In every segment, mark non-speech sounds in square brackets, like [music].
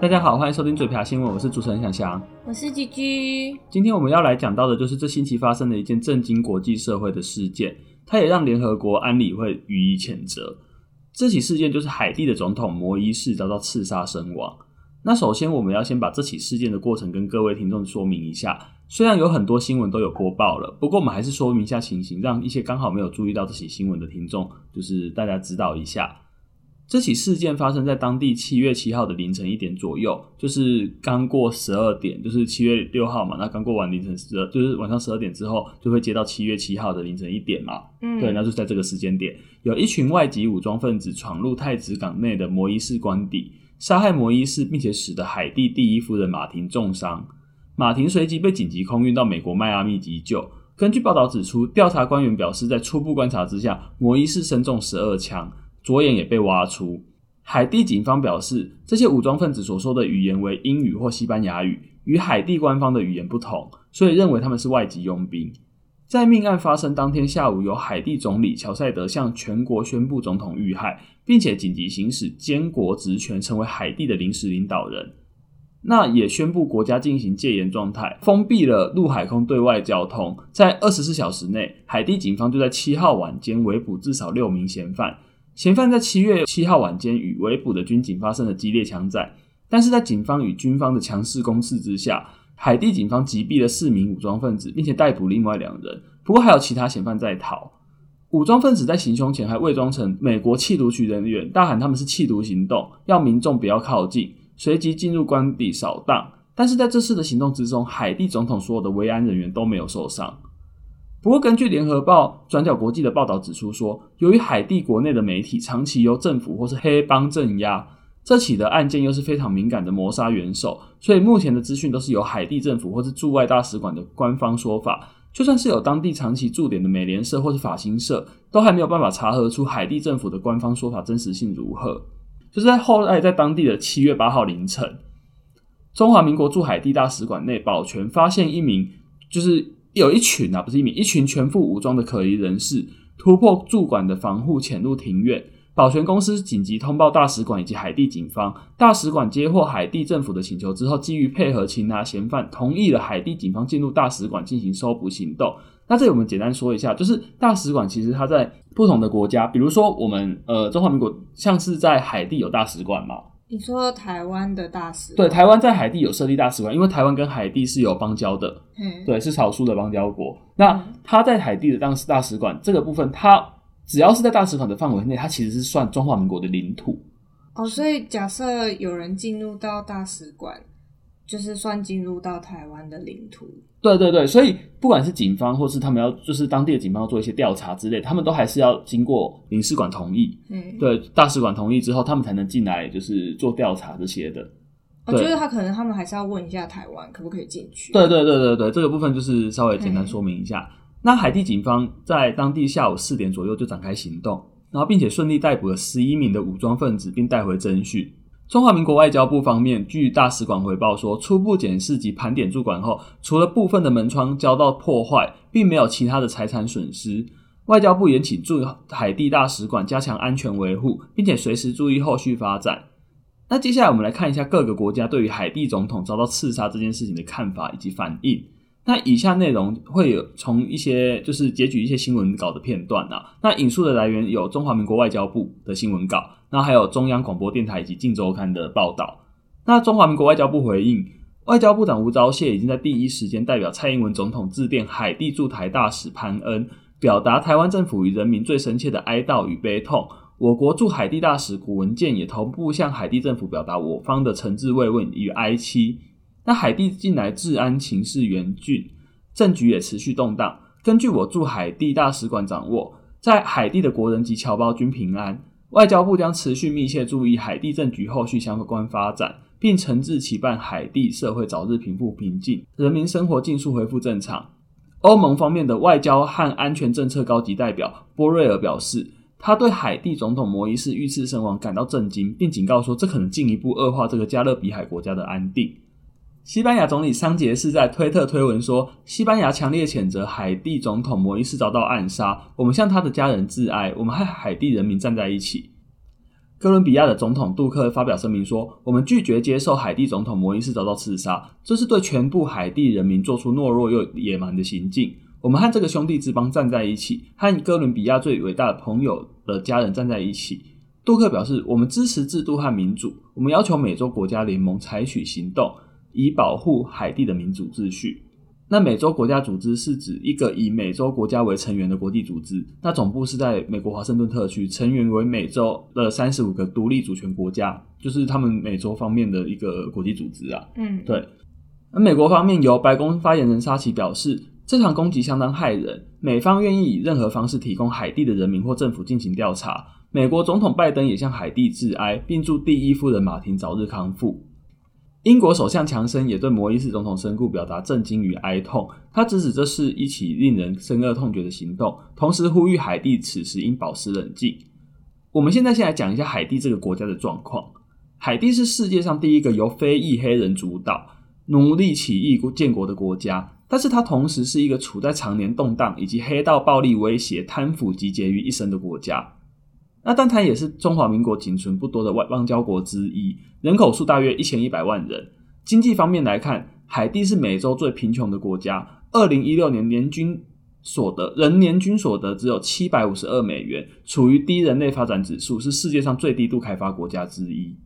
大家好，歡迎收聽嘴瓢新聞，我是主持人小翔，我是居居。今天我們要來講到的就是這星期發生的一件震驚國際社會的事件，它也讓聯合國安理會予以譴責。這起事件就是海地的總統摩依士遭到刺殺身亡。那首先我們要先把這起事件的過程跟各位聽眾說明一下。雖然有很多新聞都有播報了，不過我們還是說明一下情形，讓一些剛好沒有注意到這起新聞的聽眾，就是大家知道一下。這起事件發生在當地七月七號的凌晨一點左右，就是剛過十二點，就是七月六號嘛，那剛過完凌晨十二，就是晚上十二點之後，就會接到七月七號的凌晨一點嘛。嗯，對，那就是在這個時間點，有一群外籍武裝分子闖入太子港內的摩依士官邸，殺害摩依士，並且使得海地第一夫人馬婷重傷。馬婷隨即被緊急空運到美國邁阿密急救。根據報道指出，調查官員表示，在初步觀察之下，摩依士身中十二槍。左眼也被挖出。海地警方表示，這些武裝分子所說的語言為英語或西班牙語，與海地官方的語言不同，所以認為他們是外籍傭兵。在命案發生當天下午，由海地總理喬賽德向全國宣布總統遇害，並且緊急行使監國職權，成為海地的臨時領導人。那也宣布國家進行戒嚴狀態，封閉了陸海空對外交通。在二十四小時內，海地警方就在七號晚間圍捕至少六名嫌犯。嫌犯在七月七號晚間與圍捕的軍警發生了激烈槍戰，但是在警方與軍方的強勢攻勢之下，海地警方擊斃了四名武裝分子，並且逮捕另外兩人。不過還有其他嫌犯在逃。武裝分子在行兇前還偽裝成美國緝毒局人員，大喊他們是緝毒行動，要民眾不要靠近，隨即進入官邸掃蕩。但是在這次的行動之中，海地總統所有的維安人員都沒有受傷。不過，根據聯合報轉角國際的報道指出說，由於海地國內的媒體長期由政府或是黑幫鎮壓，這起的案件又是非常敏感的謀殺元首，所以目前的資訊都是由海地政府或是駐外大使館的官方說法。就算是有當地長期駐點的美聯社或是法新社，都還沒有辦法查核出海地政府的官方說法真實性如何。就是在後來，在當地的七月八號凌晨，中華民國駐海地大使館內保全發現一名就是。有一群啊，不是一名，一群全副武裝的可疑人士突破駐館的防護，潛入庭院。保全公司緊急通報大使館以及海地警方。大使館接獲海地政府的請求之後，基於配合擒拿嫌犯，同意了海地警方進入大使館進行搜捕行動。那這裡我們簡單說一下，就是大使館其實它在不同的國家，比如說我們呃中華民國，像是在海地有大使館嘛。你說台灣的大使館？對，台灣在海地有設立大使館，因為台灣跟海地是有邦交的。嗯嘿，對，是少數的邦交國。那他在海地的當時大使館這個部分，他只要是在大使館的範圍內，他其實是算中華民國的領土。哦，所以假設有人進入到大使館。就是算進入到台灣的領土。對對對，所以不管是警方或是他們要，就是當地的警方要做一些調查之類，他們都還是要經過領事館同意，嗯，對，大使館同意之後，他們才能進來，就是做調查這些的。我覺得他可能他們還是要問一下台灣可不可以進去啊。對對對對對，這個部分就是稍微簡單說明一下。嘿那海地警方在當地下午四點左右就展開行動，然後並且順利逮捕了十一名的武裝分子，並帶回偵訊。中華民國外交部方面，據大使館回報說，初步檢視及盤點駐館後，除了部分的門窗遭到破壞，並沒有其他的財產損失。外交部也請駐海地大使館加強安全維護，並且隨時注意後續發展。那接下來我們來看一下各個國家對於海地總統遭到刺殺這件事情的看法以及反應。那以下內容會有從一些就是截取一些新聞稿的片段吶、啊，那引述的來源有中華民國外交部的新聞稿，然後還有中央廣播電台以及《鏡周刊》的報道。那中華民國外交部回應，外交部長吳釗燮已經在第一時間代表蔡英文總統致電海地駐台大使潘恩，表達台灣政府與人民最深切的哀悼與悲痛。我國駐海地大使古文健也同步向海地政府表達我方的誠摯慰問與哀戚。那海地近來治安情勢嚴峻，政局也持續動盪。根據我駐海地大使館掌握，在海地的國人及僑胞均平安。外交部將持續密切注意海地政局後續相關發展，並誠摯期盼海地社會早日平復平靜，人民生活盡速恢復正常。歐盟方面的外交和安全政策高級代表波瑞爾表示，他對海地總統摩依士遇刺身亡感到震驚，並警告說，這可能進一步惡化這個加勒比海國家的安定。西班牙總理桑傑斯在推特推文說：“西班牙強烈譴責海地總統摩依士遭到暗殺，我們向他的家人致哀，我們和海地人民站在一起。”哥倫比亞的總統杜克發表聲明說：“我們拒絕接受海地總統摩依士遭到刺殺，這是對全部海地人民做出懦弱又野蠻的行徑。我們和這個兄弟之邦站在一起，和哥倫比亞最偉大的朋友的家人站在一起。”杜克表示：“我們支持制度和民主，我們要求美洲國家聯盟採取行動。”以保護海地的民主秩序。那美洲國家組織是指一個以美洲國家為成員的國際組織，那總部是在美國華盛頓特區，成員為美洲的三十五個獨立主權國家，就是他們美洲方面的一個國際組織啊。嗯，對。而美國方面由白宮發言人沙奇表示，這場攻擊相當駭人，美方願意以任何方式提供海地的人民或政府進行調查。美國總統拜登也向海地致哀，並祝第一夫人馬婷早日康復。英國首相強森也對摩依士總統身故表達震驚與哀痛，他指使這是一起令人深惡痛絕的行動，同時呼籲海地此時應保持冷靜。我們現在先來講一下海地這個國家的狀況。海地是世界上第一個由非裔黑人主導奴隸起義建國的國家，但是它同時是一個處在常年動盪以及黑道暴力威脅、貪腐集結於一身的國家。那但它也是中華民國僅存不多的外邦交國之一，人口數大約一千一百萬人。經濟方面來看，海地是美洲最貧窮的國家，二零一六年年均所得，人年均所得只有七百五十二美元，處於低人類發展指數，是世界上最低度開發國家之一。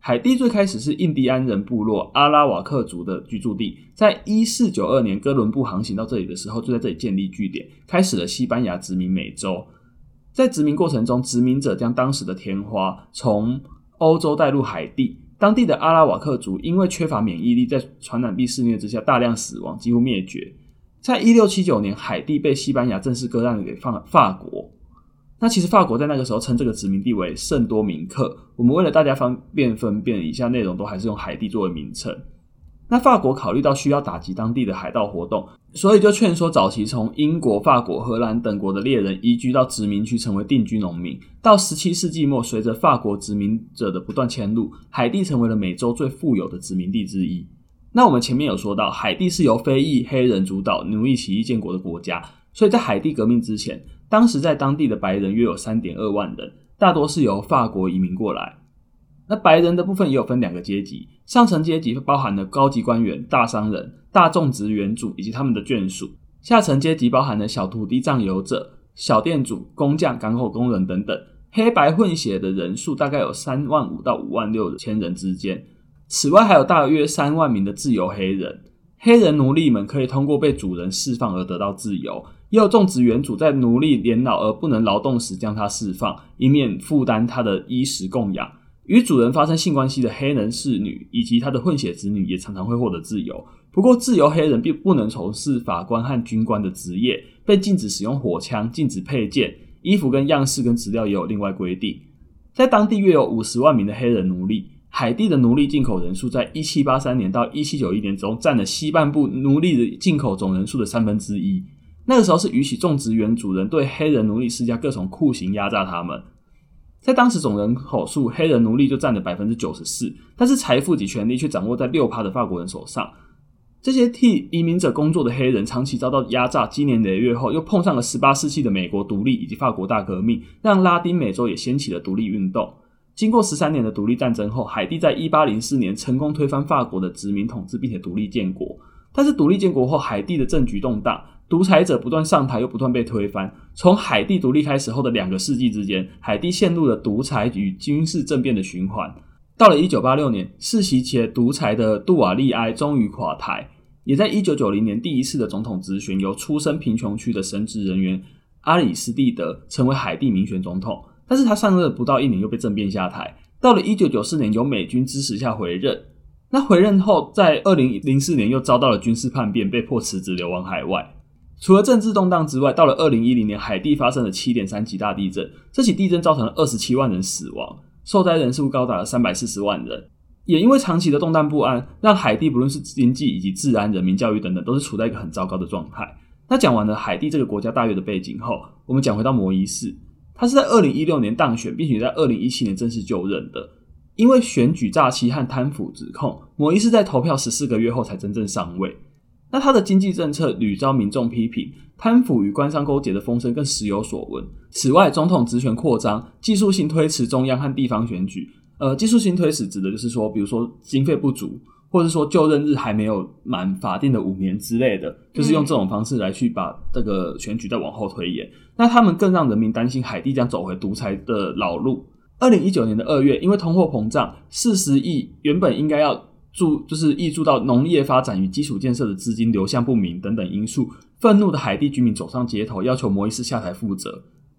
海地最開始是印第安人部落阿拉瓦克族的居住地，在一四九二年哥倫布航行到這裡的時候，就在這裡建立據點，開始了西班牙殖民美洲。在殖民過程中，殖民者將當時的天花從歐洲帶入海地，當地的阿拉瓦克族因為缺乏免疫力，在傳染病肆虐之下大量死亡，幾乎滅絕。在一六七九年，海地被西班牙正式割讓給法法國。那其實法國在那個時候稱這個殖民地為聖多明克。我們為了大家方便分辨，以下內容都還是用海地作為名稱。那法國考慮到需要打擊當地的海盜活動，所以就勸說早期從英國、法國、荷蘭等國的獵人移居到殖民區，成為定居農民。到十七世紀末，隨着法國殖民者的不斷遷入，海地成為了美洲最富有的殖民地之一。那我們前面有說到，海地是由非裔黑人主導奴隸起義建國的國家，所以在海地革命之前，當時在當地的白人約有三點二萬人，大多是由法國移民過來。那白人的部分也有分兩個階級，上層階級包含了高級官員、大商人、大種植園主以及他們的眷屬；下層階級包含了小土地占有者、小店主、工匠、港口工人等等。黑白混血的人數大概有三萬五到五萬六千人之間。此外，還有大約三萬名的自由黑人。黑人奴隸們可以通過被主人釋放而得到自由，也有種植園主在奴隸年老而不能勞動時將他釋放，以免負擔他的衣食供養。與主人發生性關係的黑人侍女以及她的混血子女也常常會獲得自由，不過自由黑人並不能從事法官和軍官的職業，被禁止使用火槍，禁止佩劍，衣服跟樣式跟材料也有另外規定。在當地約有五十萬名的黑人奴隸，海地的奴隸進口人數在一七八三年到一七九一年中佔了西半部奴隸的進口總人數的三分之一。那個時候是允許種植園主人對黑人奴隸施加各種酷刑壓榨他們。在當時總人口數，黑人奴隸就占了百分之九十四，但是財富及權力卻掌握在六趴的法國人手上。這些替移民者工作的黑人，長期遭到壓榨。積年累月後，又碰上了十八世紀的美國獨立以及法國大革命，讓拉丁美洲也掀起了獨立運動。經過十三年的獨立戰爭後，海地在一八零四年成功推翻法國的殖民統治，並且獨立建國。但是獨立建國後，海地的政局動蕩。獨裁者不斷上台，又不斷被推翻。從海地獨立開始後的兩個世紀之間，海地陷入了獨裁與軍事政變的循環。到了一九八六年，世襲且獨裁的杜瓦利埃終於垮台。也在一九九零年，第一次的總統直選由出身貧窮區的神職人員阿里斯蒂德成為海地民選總統。但是他上任不到一年，又被政變下台。到了一九九四年，由美軍支持下回任。那回任後，在二零零四年又遭到了軍事叛變，被迫辭職，流亡海外。除了政治動盪之外，到了二零一零年，海地發生了七點三級大地震，這起地震造成了二十七萬人死亡，受災人數高達了三百四十萬人。也因為長期的動盪不安，讓海地不論是經濟以及治安、人民教育等等，都是處在一個很糟糕的狀態。那講完了海地這個國家大約的背景後，我們講回到摩依士，他是在二零一六年當選，並且在二零一七年正式就任的。因為選舉詐欺和貪腐指控，摩依士在投票十四個月後才真正上位。那他的經濟政策屢遭民眾批評，貪腐與官商勾結的風聲更時有所聞。此外，總統職權擴張，技術性推遲中央和地方選舉。呃，技術性推遲指的就是說，比如說經費不足，或者說就任日還沒有滿法定的五年之類的，就是用這種方式來去把這個選舉再往後推延。嗯、那他們更讓人民擔心，海地將走回獨裁的老路。二零一九年的二月，因為通貨膨脹，四十億原本應該要。注就是挹注到農業發展與基礎建設的資金流向不明等等因素，憤怒的海地居民走上街頭，要求摩依士下台負責。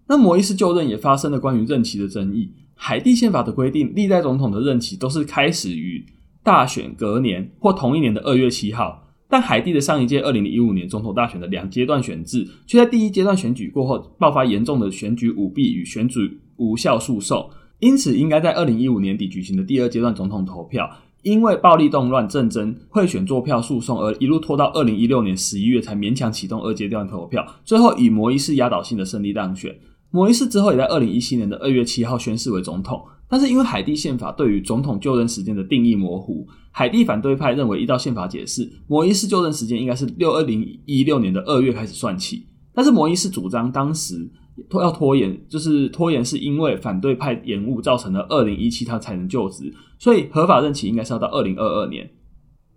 那摩依士就任也發生了關於任期的爭議。海地憲法的規定，歷代總統的任期都是開始於大選隔年或同一年的二月七號，但海地的上一屆二零一五年總統大選的兩階段選制，卻在第一階段選舉過後爆發嚴重的選舉舞弊與選舉無效訴訟，因此應該在二零一五年底舉行的第二階段總統投票。因為暴力動亂、政爭、賄選、作票、訴訟而一路拖到二零一六年十一月才勉強啟動二階段投票，最後以摩依士壓倒性的勝利當選。摩依士之後也在二零一七年的二月七號宣誓為總統，但是因為海地憲法對於總統就任時間的定義模糊，海地反對派認為依照憲法解釋，摩依士就任時間應該是六二零一六年的二月開始算起，但是摩依士主張當時。拖要拖延，就是拖延，是因為反對派延誤造成的。二零一七，他才能就職，所以合法任期應該是要到二零二二年。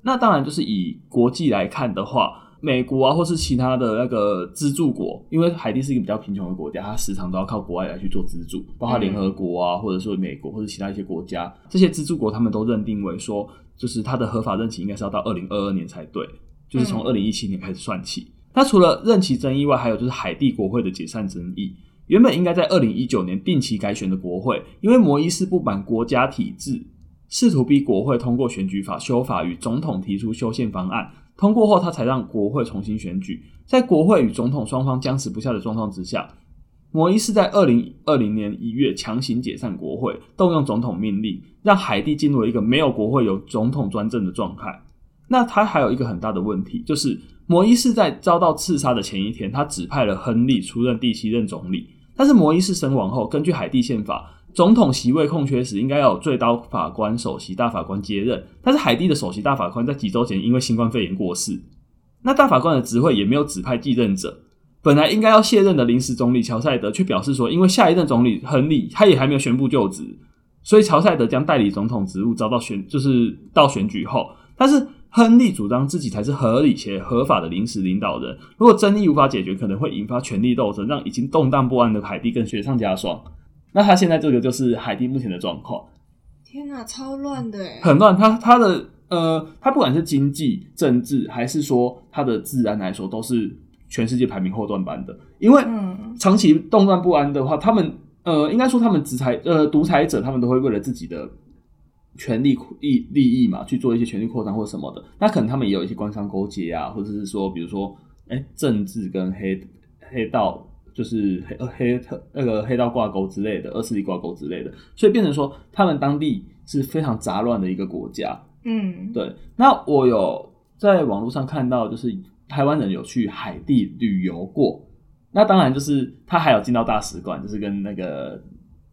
那當然就是以國際來看的話，美國啊，或是其他的那個資助國，因為海地是一個比較貧窮的國家，它時常都要靠國外來去做資助，包括聯合國啊，嗯、或者說美國或者其他一些國家，這些資助國他們都認定為說，就是他的合法任期應該是要到二零二二年才對，就是從二零一七年開始算起。嗯他除了任期爭議外，還有就是海地國會的解散爭議。原本應該在二零一九年定期改選的國會，因為摩依士不滿國家體制，試圖逼國會通過選舉法修法與總統提出修憲方案，通過後他才讓國會重新選舉。在國會與總統雙方僵持不下的狀況之下，摩依士在二零二零年一月強行解散國會，動用總統命令，讓海地進入了一個沒有國會有總統專政的狀態。那他還有一個很大的問題，就是。摩依士在遭到刺殺的前一天，他指派了亨利出任第七任總理。但是摩依士身亡後，根據海地憲法，總統席位空缺時應該要有最高法官首席大法官接任。但是海地的首席大法官在幾周前因為新冠肺炎過世，那大法官的職位也沒有指派繼任者。本來應該要卸任的臨時總理喬塞德卻表示說，因為下一任總理亨利他也還沒有宣布就職，所以喬塞德將代理總統職務，遭到選就是到選舉後，但是。亨利主張自己才是合理且合法的臨時領導人。如果爭議無法解決，可能會引發權力鬥爭，讓已經動盪不安的海地更雪上加霜。那他現在這個就是海地目前的狀況。天哪，超亂的哎！很亂，他他的呃，他不管是經濟、政治，還是說他的治安來說，都是全世界排名後段班的。因為長期動盪不安的話，他們呃，應該說他們執裁呃獨裁者，他們都會為了自己的。權力利利益嘛，去做一些權力擴張或什麼的，那可能他們也有一些官商勾結啊，或者是說，比如說，哎、欸，政治跟黑黑道就是黑黑特那個黑道掛鈎之類的，惡勢力掛鈎之類的，所以變成說，他們當地是非常雜亂的一個國家。嗯，對。那我有在網絡上看到，就是台灣人有去海地旅遊過，那當然就是他還有進到大使館，就是跟那個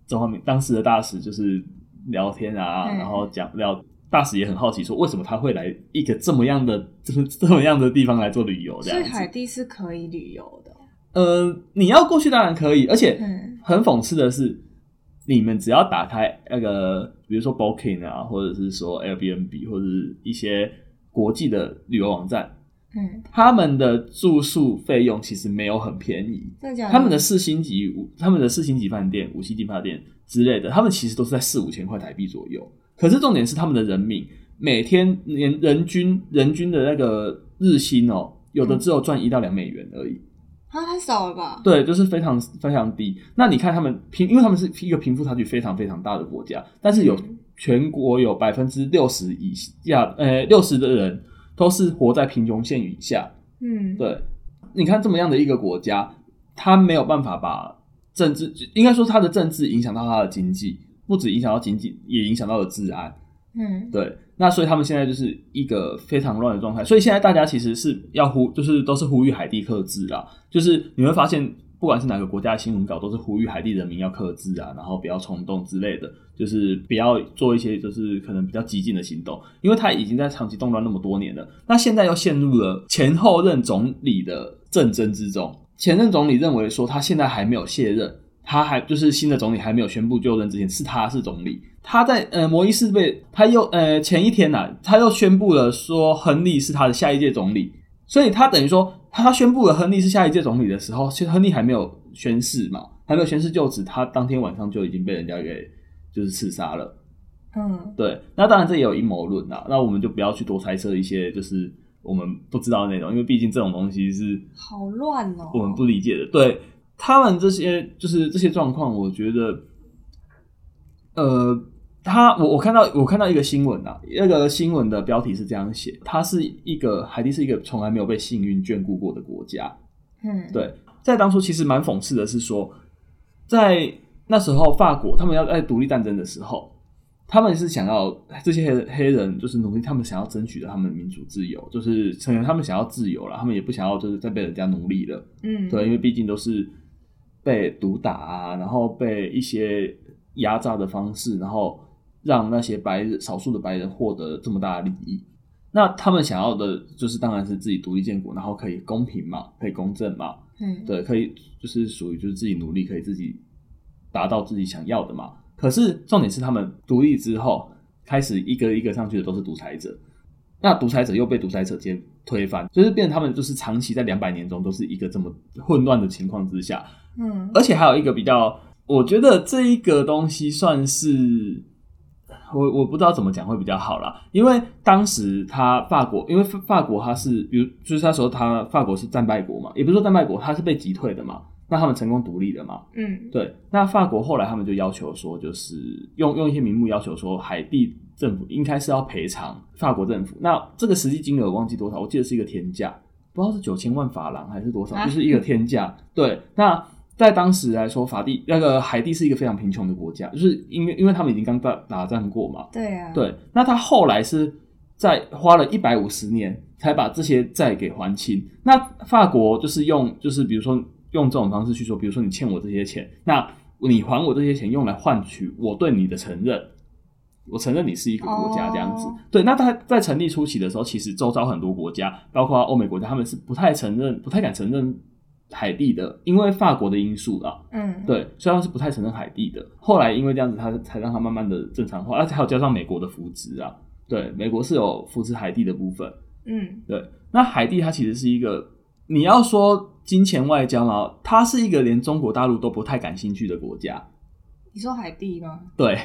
中華民當時的大使就是。聊天啊，對然後講聊大使也很好奇，說，為什麼他會來一個這麼樣的這麼這麼樣的地方來做旅遊？這樣子，海地是可以旅遊的。呃，你要過去當然可以，而且很諷刺的是，你們只要打開那個，比如說 Booking 啊，或者是說 Airbnb，或者是一些國際的旅遊網站。嗯，他們的住宿費用其實沒有很便宜。嗯、他們的四星級、嗯、他們的四星級飯店、五星級飯店之類的，他們其實都是在四五千塊台幣左右。可是重點是他們的人民每天連人均人均的那個日薪哦、喔，有的只有賺一到兩美元而已、嗯。啊，太少了吧？對，就是非常非常低。那你看他們平，因為他們是一個貧富差距非常非常大的國家，但是有全國有百分之六十以下，呃、欸，六十的人。都是活在貧窮線以下，嗯，對，你看這麼樣的一個國家，他沒有辦法把政治，應該說他的政治影響到他的經濟，不止影響到經濟，也影響到了治安，嗯，對，那所以他們現在就是一個非常亂的狀態，所以現在大家其實是要呼，就是都是呼籲海地克制啦。就是你會發現。不管是哪個國家的新聞稿，都是呼籲海地人民要克制啊，然後不要衝動之類的，就是不要做一些就是可能比較激進的行動，因為他已經在長期動亂那麼多年了。那現在又陷入了前後任總理的政爭之中。前任總理認為說他現在還沒有卸任，他還就是新的總理還沒有宣布就任之前，是他是總理。他在呃摩依士被他又呃前一天呢，啊，他又宣布了說亨利是他的下一屆總理，所以他等於說。他宣布了亨利是下一屆總理的時候，其實亨利還沒有宣誓嘛，還沒有宣誓就職，他當天晚上就已經被人家給就是刺殺了。嗯，對。那當然這也有陰謀論啦。那我們就不要去多猜測一些就是我們不知道的內容，因為畢竟這種東西是好亂哦，我們不理解的。哦、對，他們這些就是這些狀況，我覺得，呃。他我我看到我看到一個新聞啊，那個新聞的標題是這樣寫，它是一個海地是一個從來沒有被幸運眷顧過的國家。嗯，對，在當初其實蠻諷刺的是說，在那時候法國他們要在獨立戰爭的時候，他們是想要這些黑人就是奴隸，他們想要爭取的他們的民主自由，就是成員他們想要自由了，他們也不想要就是再被人家奴隸了。嗯，對，因為畢竟都是被毒打啊，然後被一些壓榨的方式，然後。讓那些白人少數的白人獲得這麼大的利益，那他們想要的就是當然是自己獨立建國，然後可以公平嘛，可以公正嘛，嗯，對，可以就是屬於就是自己努力可以自己達到自己想要的嘛。可是重點是，他們獨立之後開始一個一個上去的都是獨裁者，那獨裁者又被獨裁者接推翻，就是變成他們就是長期在兩百年中都是一個這麼混亂的情況之下，嗯，而且還有一個比較，我覺得這一個東西算是。我我不知道怎麼講會比較好啦，因為當時他法國，因為法國他是，比如就是那時候他法國是戰敗國嘛，也不是說戰敗國，他是被擊退的嘛，那他們成功獨立了嘛，嗯，對，那法國後來他們就要求說，就是用用一些名目要求說，海地政府應該是要賠償法國政府，那這個實際金額我忘記多少，我記得是一個天價，不知道是九千萬法郎還是多少，就是一個天價，啊、對，那。在當時來說，法地那個海地是一個非常貧窮的國家，就是因為因為他們已經剛打打仗過嘛。對啊。對，那他後來是在花了一百五十年才把這些債給還清。那法國就是用，就是比如說用這種方式去說，比如說你欠我這些錢，那你還我這些錢，用來換取我對你的承認，我承認你是一個國家這樣子。Oh. 對，那他在成立初期的時候，其實周遭很多國家，包括歐美國家，他們是不太承認、不太敢承認。海地的，因為法國的因素啊，嗯，對，雖然是不太承認海地的，後來因為這樣子它，他才讓他慢慢的正常化，而且還有加上美國的扶植啊，對，美國是有扶持海地的部分，嗯，對，那海地它其實是一個，你要說金錢外交啊，它是一個連中國大陸都不太感興趣的國家，你說海地嗎？對，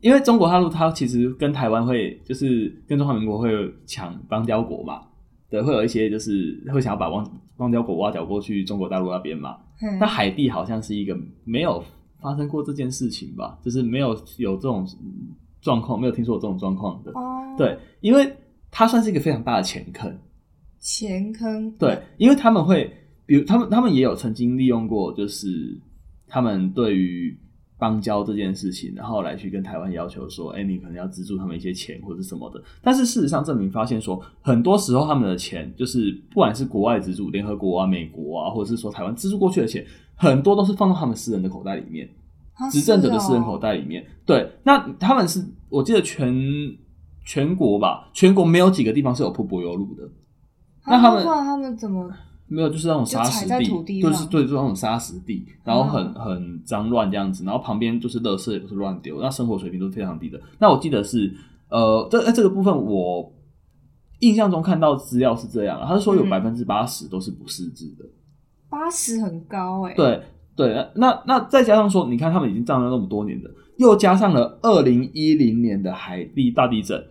因為中國大陸它其實跟台灣會，就是跟中華民國會搶邦交國嘛，對，會有一些就是會想要把邦。光腳狗挖角過去中國大陸那邊嘛，那、嗯、海地好像是一個沒有發生過這件事情吧，就是沒有有這種狀況，沒有聽說過這種狀況的。哦、對，因為它算是一個非常大的錢坑。錢坑？對，因為他們會，比如他們，他們也有曾經利用過，就是他們對於。邦交這件事情，然後來去跟台灣要求說，哎、欸，你可能要資助他們一些錢或者什麼的。但是事實上證明發現說，很多時候他們的錢就是，不管是國外資助，聯合國啊、美國啊，或者是說台灣資助過去的錢，很多都是放到他們私人的口袋裡面，執、啊、政者的私人口袋裡面。啊哦、對，那他們是我記得全全國吧，全國沒有幾個地方是有鋪柏油路的。啊、那他們他們怎麼？沒有，就是那種沙石地，就、地就是對，就是、那種沙石地，然後很、啊、很髒亂這樣子，然後旁邊就是垃圾也不是亂丟，那生活水平都是非常低的。那我記得是，呃，這這個部分，我印象中看到的資料是這樣，他是說有百分之八十都是不識字的，八十、嗯、很高哎、欸。對對，那那再加上說，你看他們已經髒了那麼多年的，又加上了二零一零年的海地大地震。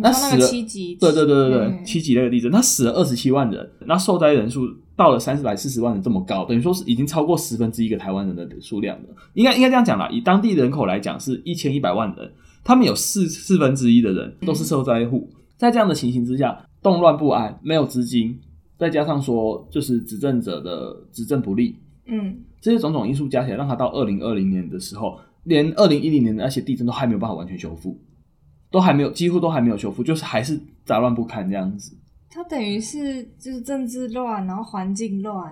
那死了對、哦那個、對對對對，七級那個地震，他、嗯、死了二十七萬人，那受災人數到了三百四十萬人這麼高，等於說是已經超過十分之一個台灣人的數量了。應該應該這樣講啦，以當地人口來講是一千一百萬人，他們有四四分之一的人都是受災戶。嗯、在這樣的情形之下，動亂不安，沒有資金，再加上說就是執政者的執政不力，嗯，這些種種因素加起來，讓他到二零二零年的時候，連二零一零年的那些地震都還沒有辦法完全修復。都還沒有，幾乎都還沒有修復，就是還是雜亂不堪這樣子。它等於是就是政治亂，然後環境亂，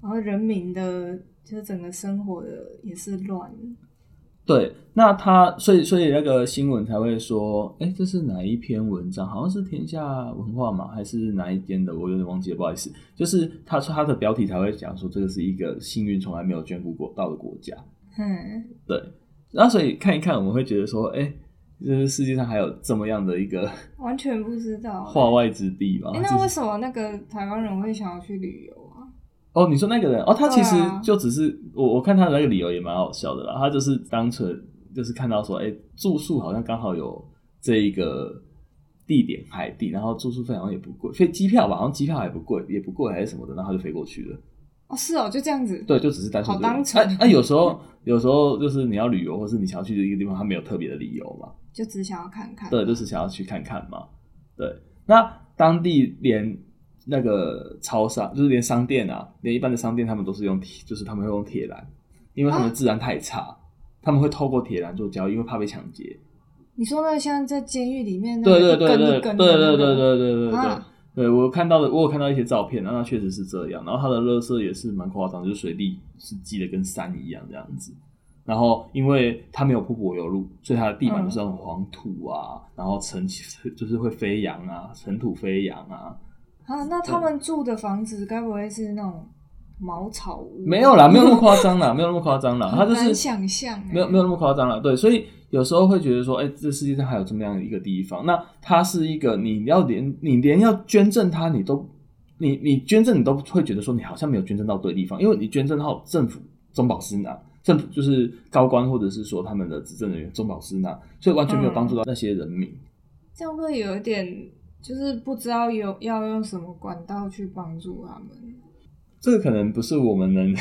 然後人民的，就是整個生活的也是亂。對，那他所以所以那個新聞才會說，哎、欸，這是哪一篇文章？好像是天下文化嘛，還是哪一間的？我有點忘記了，不好意思。就是他他的標題才會講說，這個是一個幸運從來沒有眷顧過到的國家。嗯，對。那所以看一看，我們會覺得說，哎、欸。就是世界上還有這麼樣的一個，完全不知道化外之地吧？哎，那為什麼那個台灣人會想要去旅遊啊？哦，你說那個人哦，他其實就只是我、啊、我看他的那個理由也蠻好笑的啦。他就是單純就是看到說，哎、欸，住宿好像剛好有這一個地點海地，然後住宿費好像也不貴，飛機票吧，好像機票也不貴，也不貴還是什麼的，然後他就飛過去了。哦，是哦，就這樣子。對，就只是單純。好單純。那、啊啊、有時候，有時候就是你要旅遊，或是你想要去的一個地方，他沒有特別的理由嘛，就只想要看看。對，就是想要去看看嘛。對，那當地連那個超商，就是連商店啊，連一般的商店，他們都是用，就是他們會用鐵欄，因為他們治安太差，啊、他們會透過鐵欄做交易，因為怕被搶劫。你說那個像在監獄裡面，對對對對對對對對對對對、啊。對，我看到的，我有看到一些照片，然後它確實是這樣。然後它的垃圾也是蠻誇張，就水是水滴是積的跟山一樣這樣子。然後因為它沒有鋪柏油路，所以它的地板就是那種黃土啊，嗯、然後塵就是會飛揚啊，塵土飛揚啊。啊，那他們住的房子該不會是那種茅草屋，啊？對沒有啦，沒有那麼誇張啦，沒有那麼誇張啦。他就是想象是，沒有沒有那麼誇張啦。對，所以。有時候會覺得說，哎、欸，這世界上還有這麼樣一個地方。那它是一個，你要連你連要捐贈它，你都你你捐贈，你都會覺得說，你好像沒有捐贈到對地方，因為你捐贈到政府中飽私囊，政府就是高官或者是說他們的執政人員中飽私囊，所以完全沒有幫助到那些人民、嗯。這樣會有一點，就是不知道有要用什麼管道去幫助他們。這個可能不是我們能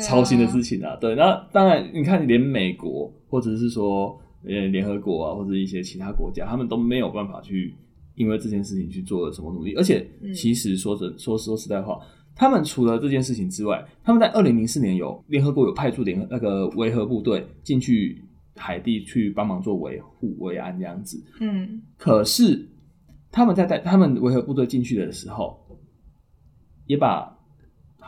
操心、啊、的事情啊。對，那當然，你看，你連美國或者是說。呃，聯合國啊，或者一些其他國家，他們都沒有辦法去，因為這件事情去做什麼努力。而且，其實說真、嗯、說實說實在話，他們除了這件事情之外，他們在二零零四年有聯合國有派出聯那個維和部隊進去海地去幫忙做維護維安，這樣子。嗯，可是他們在帶他們維和部隊進去的時候，也把。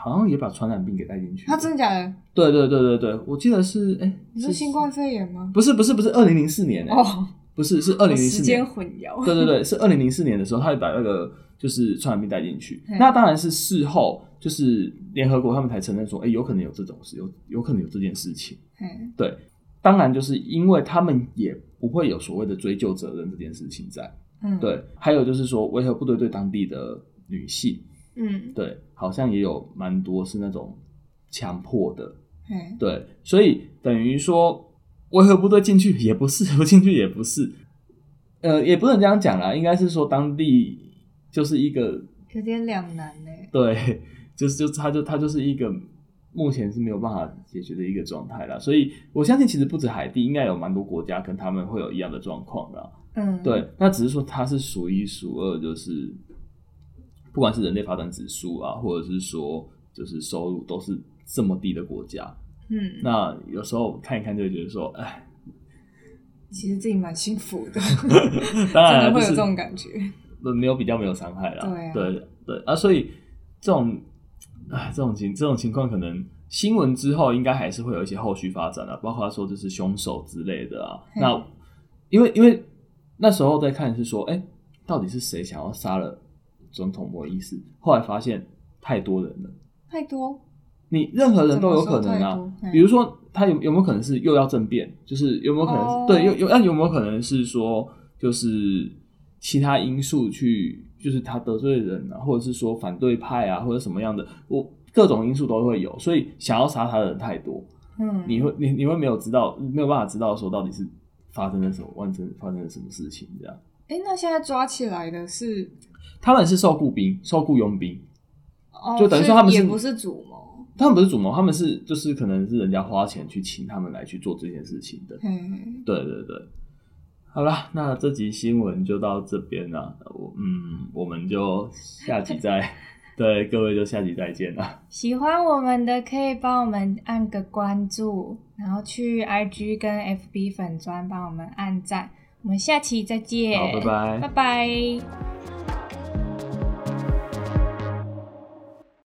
好像也把傳染病給帶進去，他真的假的？對對對對對，我記得是哎，你、欸、是新冠肺炎嗎？不是不是不是，欸，二零零四年哦，不是，是二零零四年，時間混淆。對對對，是二零零四年的時候，他也把那個就是傳染病帶進去。嘿那當然是事後，就是聯合國他們才承認說，哎，欸，有可能有這種事，有有可能有這件事情。嘿對，當然就是因為他們也不會有所謂的追究責任這件事情在。嗯，對，還有就是說維和部隊對，對當地的女性。嗯，對，好像也有蠻多是那種強迫的，嘿對，所以等於說維和部隊進去也不是，不進去也不是，呃，也不能這樣講啦，應該是說當地就是一個有點兩難呢、欸。對，就是就是、他就他就是一個目前是沒有辦法解決的一個狀態啦。所以我相信其實不止海地，應該有蠻多國家跟他們會有一樣的狀況啦。嗯，對，那只是說他是數一數二，就是。不管是人類發展指數啊，或者是說就是收入都是這麼低的國家，嗯，那有時候看一看就會覺得說，哎，其實自己蠻幸福的， [laughs] 當然 [laughs] 會有這種感覺，沒、就是、 [laughs] 有比較沒有傷害了、啊，對對對啊，所以這種哎、這種、這種情這種情況可能新聞之後應該還是會有一些後續發展啊，包括說就是凶手之類的啊，嘿那因為因為那時候在看是說，哎、欸，到底是誰想要殺了？總統的意思，後來發現太多人了，太多。你任何人都有可能啊，欸、比如說他有有沒有可能是又要政變，就是有沒有可能、哦、對有有那有沒有可能是說就是其他因素去，就是他得罪人啊，或者是說反對派啊，或者什麼樣的，我各種因素都會有，所以想要殺他的人太多，嗯，你會你你會沒有知道，沒有辦法知道的時候到底是發生了什麼，完成發生了什麼事情這樣。哎、欸，那現在抓起來的是。他們是受僱兵、受僱傭兵，哦、就等於說他們是也不是主謀。他們不是主謀，他們是就是可能是人家花錢去請他們來去做這件事情的。嗯，對對對。好了，那這集新聞就到這邊了。我嗯，我們就下集再 [laughs] 對各位就下集再見了。喜歡我們的可以幫我們按個關注，然後去 IG 跟 FB 粉專幫我們按讚。我們下期再見，好，拜拜，拜拜。